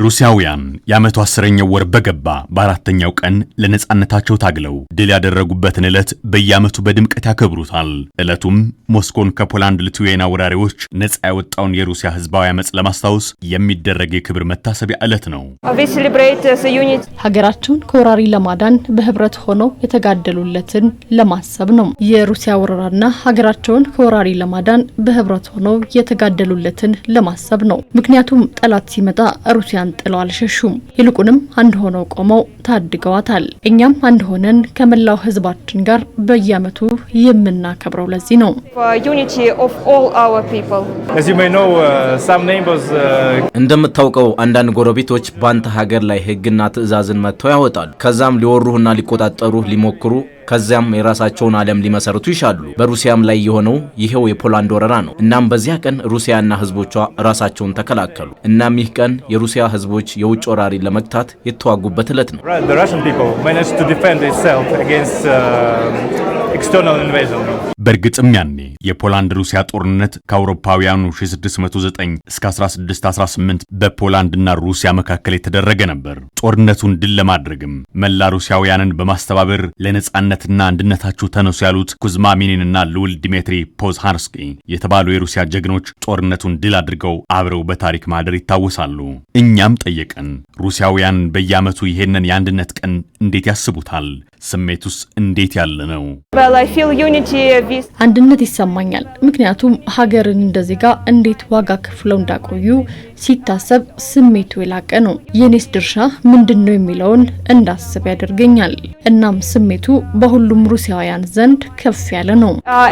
ሩሲያውያን የዓመቱ አስረኛው ወር በገባ በአራተኛው ቀን ለነጻነታቸው ታግለው ድል ያደረጉበትን ዕለት በየዓመቱ በድምቀት ያከብሩታል። ዕለቱም ሞስኮን ከፖላንድ ሊትዌና ወራሪዎች ነጻ ያወጣውን የሩሲያ ሕዝባዊ ዓመፅ ለማስታወስ የሚደረግ የክብር መታሰቢያ ዕለት ነው። ሀገራቸውን ከወራሪ ለማዳን በህብረት ሆነው የተጋደሉለትን ለማሰብ ነው። የሩሲያ ወረራና ሀገራቸውን ከወራሪ ለማዳን በህብረት ሆነው የተጋደሉለትን ለማሰብ ነው። ምክንያቱም ጠላት ሲመጣ ሩሲያ ኢትዮጵያን ጥለው አልሸሹም። ይልቁንም አንድ ሆነው ቆመው ታድገዋታል። እኛም አንድ ሆነን ከመላው ህዝባችን ጋር በየአመቱ የምናከብረው ለዚህ ነው። uh, uh, እንደምታውቀው አንዳንድ ጎረቤቶች በአንተ ሀገር ላይ ህግና ትዕዛዝን መጥተው ያወጣሉ። ከዛም ሊወሩህና ሊቆጣጠሩህ ሊሞክሩ ከዚያም የራሳቸውን ዓለም ሊመሰርቱ ይሻሉ። በሩሲያም ላይ የሆነው ይሄው የፖላንድ ወረራ ነው። እናም በዚያ ቀን ሩሲያና ህዝቦቿ ራሳቸውን ተከላከሉ። እናም ይህ ቀን የሩሲያ ህዝቦች የውጭ ወራሪ ለመግታት የተዋጉበት ዕለት ነው። ኤክስተርናል ኢንቬዥን ነው። በእርግጥም ያኔ የፖላንድ ሩሲያ ጦርነት ከአውሮፓውያኑ 1609 እስከ 1618 በፖላንድና ሩሲያ መካከል የተደረገ ነበር። ጦርነቱን ድል ለማድረግም መላ ሩሲያውያንን በማስተባበር ለነጻነትና አንድነታችሁ ተነሱ ያሉት ኩዝማ ሚኒንና ልዑል ዲሜትሪ ፖዝሃርስኪ የተባሉ የሩሲያ ጀግኖች ጦርነቱን ድል አድርገው አብረው በታሪክ ማህደር ይታወሳሉ። እኛም ጠየቅን፣ ሩሲያውያን በየዓመቱ ይሄንን የአንድነት ቀን እንዴት ያስቡታል? ስሜቱስ እንዴት ያለ ነው? አንድነት ይሰማኛል። ምክንያቱም ሀገርን እንደዚህ ዜጋ እንዴት ዋጋ ከፍለው እንዳቆዩ ሲታሰብ ስሜቱ የላቀ ነው። የኔስ ድርሻ ምንድን ነው የሚለውን እንዳስብ ያደርገኛል። እናም ስሜቱ በሁሉም ሩሲያውያን ዘንድ ከፍ ያለ ነው። uh,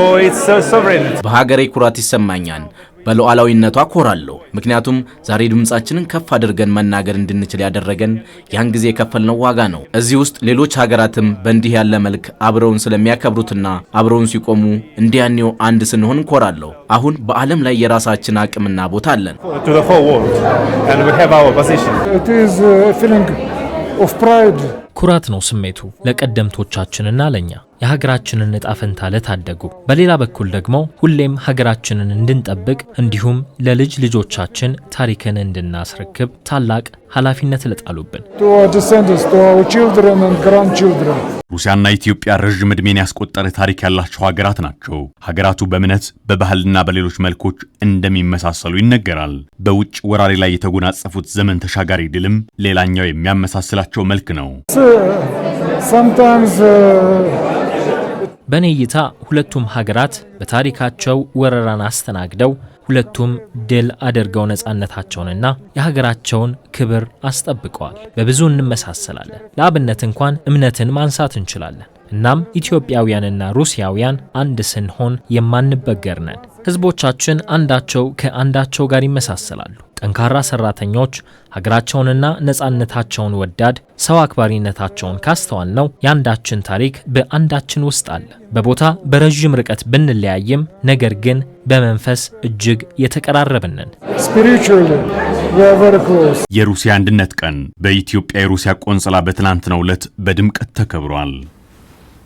uh, በሀገሬ ኩራት ይሰማኛል። በሉዓላዊነቷ ኮራለሁ። ምክንያቱም ዛሬ ድምፃችንን ከፍ አድርገን መናገር እንድንችል ያደረገን ያን ጊዜ የከፈልነው ዋጋ ነው። እዚህ ውስጥ ሌሎች ሀገራትም በእንዲህ ያለ መልክ አብረውን ስለሚያከብሩትና አብረውን ሲቆሙ እንዲያኔው አንድ ስንሆን እንኮራለሁ። አሁን በዓለም ላይ የራሳችን አቅምና ቦታ አለን። ኩራት ነው ስሜቱ ለቀደምቶቻችንና ለእኛ የሀገራችንን እጣ ፈንታ ለታደጉ፣ በሌላ በኩል ደግሞ ሁሌም ሀገራችንን እንድንጠብቅ እንዲሁም ለልጅ ልጆቻችን ታሪክን እንድናስረክብ ታላቅ ኃላፊነት ለጣሉብን ሩሲያና ኢትዮጵያ ረዥም ዕድሜን ያስቆጠረ ታሪክ ያላቸው ሀገራት ናቸው። ሀገራቱ በእምነት በባህልና በሌሎች መልኮች እንደሚመሳሰሉ ይነገራል። በውጭ ወራሪ ላይ የተጎናጸፉት ዘመን ተሻጋሪ ድልም ሌላኛው የሚያመሳስላቸው መልክ ነው። በእኔ እይታ ሁለቱም ሀገራት በታሪካቸው ወረራን አስተናግደው ሁለቱም ድል አድርገው ነፃነታቸውንና የሀገራቸውን ክብር አስጠብቀዋል። በብዙ እንመሳሰላለን። ለአብነት እንኳን እምነትን ማንሳት እንችላለን። እናም ኢትዮጵያውያንና ሩሲያውያን አንድ ስንሆን የማንበገር ነን። ህዝቦቻችን አንዳቸው ከአንዳቸው ጋር ይመሳሰላሉ። ጠንካራ ሰራተኞች፣ ሀገራቸውንና ነፃነታቸውን ወዳድ ሰው አክባሪነታቸውን ካስተዋል ነው የአንዳችን ታሪክ በአንዳችን ውስጥ አለ። በቦታ በረዥም ርቀት ብንለያይም ነገር ግን በመንፈስ እጅግ የተቀራረብንን። የሩሲያ አንድነት ቀን በኢትዮጵያ የሩሲያ ቆንጽላ በትናንትናው ዕለት በድምቀት ተከብሯል።